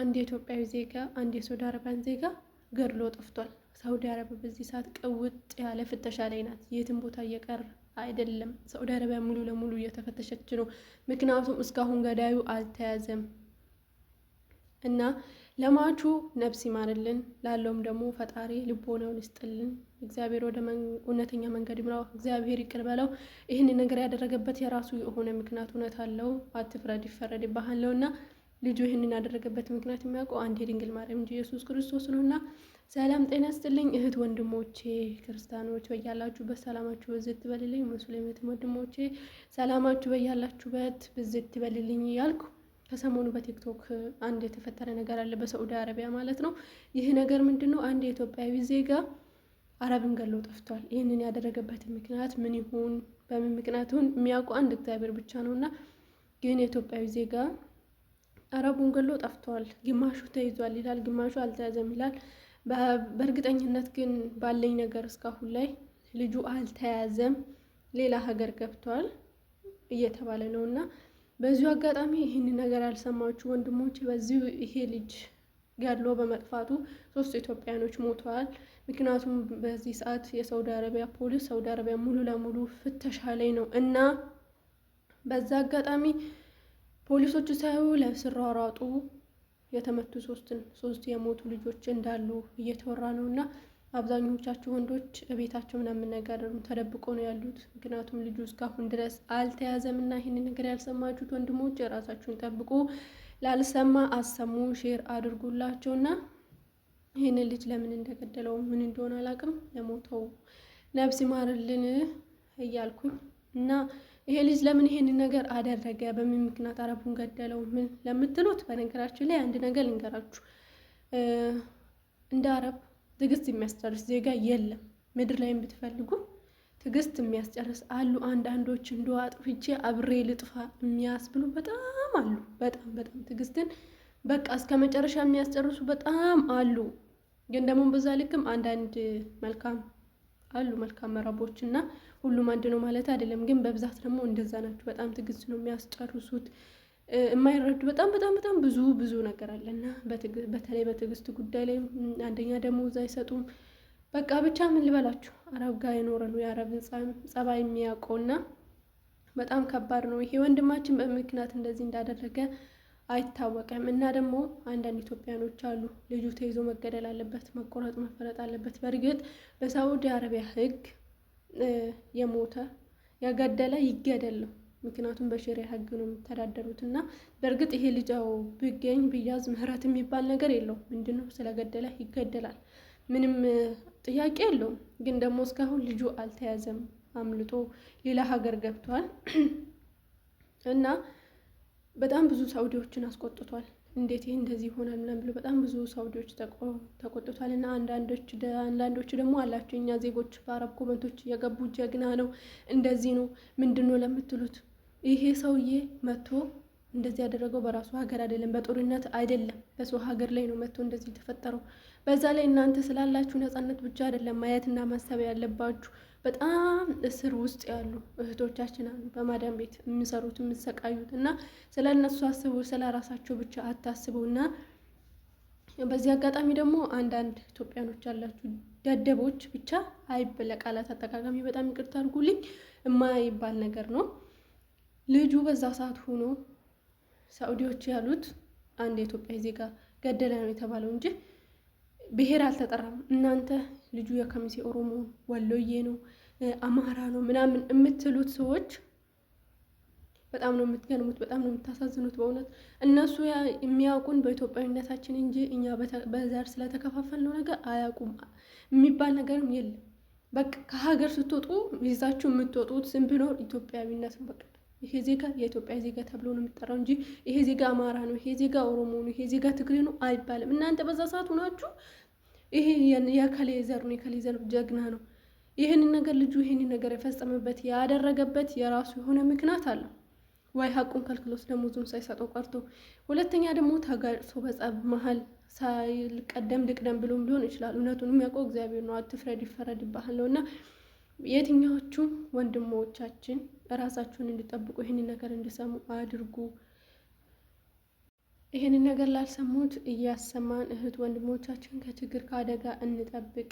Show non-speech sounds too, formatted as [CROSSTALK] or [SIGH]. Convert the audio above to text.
አንድ የኢትዮጵያዊ ዜጋ አንድ የሳውዲ አረቢያን ዜጋ ገድሎ ጠፍቷል። ሳውዲ አረቢያ በዚህ ሰዓት ቅውጥ ያለ ፍተሻ ላይ ናት። የትም ቦታ እየቀረ አይደለም። ሳውዲ አረቢያ ሙሉ ለሙሉ እየተፈተሸች ነው። ምክንያቱም እስካሁን ገዳዩ አልተያዘም እና ለማቹ ነብስ ይማርልን፣ ላለውም ደግሞ ፈጣሪ ልቦናውን ይስጥልን። እግዚአብሔር ወደ እውነተኛ መንገድ ይምራው። እግዚአብሔር ይቅር በለው። ይህን ነገር ያደረገበት የራሱ የሆነ ምክንያት እውነት አለው። አትፍረድ ይባሃለው እና ልጁ ይህንን ያደረገበት ምክንያት የሚያውቀው አንድ የድንግል ማርያም እንጂ ኢየሱስ ክርስቶስ ነው። እና ሰላም ጤና ስጥልኝ እህት ወንድሞቼ ክርስቲያኖች በያላችሁበት ሰላማችሁ ብዝት ትበልልኝ። ሙስሊም እህት ወንድሞቼ ሰላማችሁ በያላችሁበት ብዝት ትበልልኝ እያልኩ ከሰሞኑ በቲክቶክ አንድ የተፈጠረ ነገር አለ፣ በሰዑዲ አረቢያ ማለት ነው። ይህ ነገር ምንድን ነው? አንድ የኢትዮጵያዊ ዜጋ አረብን ገሎ ጠፍቷል። ይህንን ያደረገበት ምክንያት ምን ይሁን፣ በምን ምክንያት ይሁን የሚያውቁ አንድ እግዚአብሔር ብቻ ነው እና ግን የኢትዮጵያዊ ዜጋ አረቡን ገሎ ጠፍተዋል። ግማሹ ተይዟል ይላል፣ ግማሹ አልተያዘም ይላል። በእርግጠኝነት ግን ባለኝ ነገር እስካሁን ላይ ልጁ አልተያዘም፣ ሌላ ሀገር ገብተዋል እየተባለ ነው እና በዚሁ አጋጣሚ ይህን ነገር ያልሰማችሁ ወንድሞች በዚሁ ይሄ ልጅ ገድሎ በመጥፋቱ ሶስት ኢትዮጵያኖች ሞተዋል። ምክንያቱም በዚህ ሰዓት የሳውዲ አረቢያ ፖሊስ ሳውዲ አረቢያ ሙሉ ለሙሉ ፍተሻ ላይ ነው እና በዛ አጋጣሚ ፖሊሶቹ ለስራ ለስራራጡ የተመቱ ሶስትን ሶስት የሞቱ ልጆች እንዳሉ እየተወራ ነው እና አብዛኞቻቸው ወንዶች ቤታቸው ምናምን ነገር ተደብቆ ነው ያሉት። ምክንያቱም ልጁ እስካሁን ድረስ አልተያዘም እና ይህንን ነገር ያልሰማችሁት ወንድሞች የራሳችሁን ጠብቁ። ላልሰማ አሰሙ፣ ሼር አድርጉላቸው እና ይህንን ልጅ ለምን እንደገደለው ምን እንደሆነ አላውቅም። ለሞተው ነፍስ ይማርልን እያልኩኝ እና ይሄ ልጅ ለምን ይሄንን ነገር አደረገ? በምን ምክንያት አረቡን ገደለው? ምን ለምትሉት በነገራችን ላይ አንድ ነገር ልንገራችሁ፣ እንደ አረብ ትዕግስት የሚያስጨርስ ዜጋ የለም ምድር ላይ ብትፈልጉ። ትዕግስት የሚያስጨርስ አሉ። አንዳንዶች እንደ አጥፍቼ አብሬ ልጥፋ የሚያስብሉ በጣም አሉ። በጣም በጣም ትዕግስትን በቃ እስከ መጨረሻ የሚያስጨርሱ በጣም አሉ። ግን ደግሞ በዛ ልክም አንዳንድ መልካም አሉ መልካም መረቦች እና ሁሉም አንድ ነው ማለት አይደለም። ግን በብዛት ደግሞ እንደዛ ናቸው። በጣም ትዕግስት ነው የሚያስጨርሱት። የማይረዱ በጣም በጣም በጣም ብዙ ብዙ ነገር አለ እና በተለይ በትዕግስት ጉዳይ ላይ አንደኛ እዛ አይሰጡም። በቃ ብቻ ምን ልበላችሁ፣ አረብ ጋር የኖረ ነው የአረብን ጸባይ የሚያውቀውና በጣም ከባድ ነው። ይሄ ወንድማችን በምክንያት እንደዚህ እንዳደረገ አይታወቅም። እና ደግሞ አንዳንድ ኢትዮጵያኖች አሉ ልጁ ተይዞ መገደል አለበት፣ መቆረጥ መፈረጥ አለበት። በእርግጥ በሳዑዲ አረቢያ ሕግ የሞተ ያገደለ ይገደል ነው። ምክንያቱም በሸሪያ ሕግ ነው የሚተዳደሩት። እና በእርግጥ ይሄ ልጃው ብገኝ ብያዝ ምህረት የሚባል ነገር የለውም። ምንድነው ስለገደለ ይገደላል፣ ምንም ጥያቄ የለውም። ግን ደግሞ እስካሁን ልጁ አልተያዘም፣ አምልጦ ሌላ ሀገር ገብቷል [CLEARS THROAT] እና በጣም ብዙ ሳውዲዎችን አስቆጥቷል። እንዴት ይህ እንደዚህ ይሆናል ምናምን ብሎ በጣም ብዙ ሳውዲዎች ተቆጥቷል። እና አንዳንዶቹ ደግሞ አላቸው እኛ ዜጎች በአረብ ኮመንቶች እየገቡ ጀግና ነው እንደዚህ ነው ምንድን ነው ለምትሉት ይሄ ሰውዬ መጥቶ እንደዚህ ያደረገው በራሱ ሀገር አይደለም፣ በጦርነት አይደለም፣ በሰው ሀገር ላይ ነው መጥቶ እንደዚህ የተፈጠረው። በዛ ላይ እናንተ ስላላችሁ ነጻነት ብቻ አይደለም ማየትና ማሰብ ያለባችሁ በጣም እስር ውስጥ ያሉ እህቶቻችን አሉ፣ በማዳም ቤት የሚሰሩት የሚሰቃዩት እና ስለ እነሱ አስቡ፣ ስለ ራሳቸው ብቻ አታስቡ። እና በዚህ አጋጣሚ ደግሞ አንዳንድ ኢትዮጵያኖች ያላችሁ ደደቦች ብቻ አይብ ለቃላት አጠቃቀሚ በጣም ይቅርታ አድርጉልኝ፣ የማይባል ነገር ነው። ልጁ በዛ ሰዓት ሆኖ ሳኡዲዎች ያሉት አንድ የኢትዮጵያ ዜጋ ገደለ ነው የተባለው እንጂ ብሔር አልተጠራም። እናንተ ልጁ የከሚሴ ኦሮሞ ወሎዬ ነው አማራ ነው ምናምን የምትሉት ሰዎች በጣም ነው የምትገርሙት፣ በጣም ነው የምታሳዝኑት። በእውነት እነሱ የሚያውቁን በኢትዮጵያዊነታችን እንጂ እኛ በዘር ስለተከፋፈልነው ነገር አያውቁም። የሚባል ነገርም የለም። በቃ ከሀገር ስትወጡ ይዛችሁ የምትወጡት ስም ብሎ ኢትዮጵያዊነት ነው። በቃ ይሄ ዜጋ የኢትዮጵያ ዜጋ ተብሎ ነው የሚጠራው እንጂ ይሄ ዜጋ አማራ ነው፣ ይሄ ዜጋ ኦሮሞ ነው፣ ይሄ ዜጋ ትግሬ ነው አይባልም። እናንተ በዛ ሰዓት ሆናችሁ ይሄ የከሌ ዘር ነው፣ የከሌ ዘር ጀግና ነው። ይህንን ነገር ልጁ ይህንን ነገር የፈጸመበት ያደረገበት የራሱ የሆነ ምክንያት አለው። ወይ ሀቁን ከልክሎስ ደሞዙን ሳይሰጠው ቀርቶ፣ ሁለተኛ ደግሞ ተጋጭቶ በጸብ መሀል ሳይልቀደም ልቅደም ብሎም ሊሆን ይችላል። እውነቱን የሚያውቀው እግዚአብሔር ነው። አትፍረድ ይፈረድብሃል ነው እና የትኛዎቹ ወንድሞቻችን ራሳችሁን እንዲጠብቁ ይህን ነገር እንዲሰሙ አድርጉ። ይህንን ነገር ላልሰሙት እያሰማን እህት ወንድሞቻችን ከችግር ከአደጋ እንጠብቅ።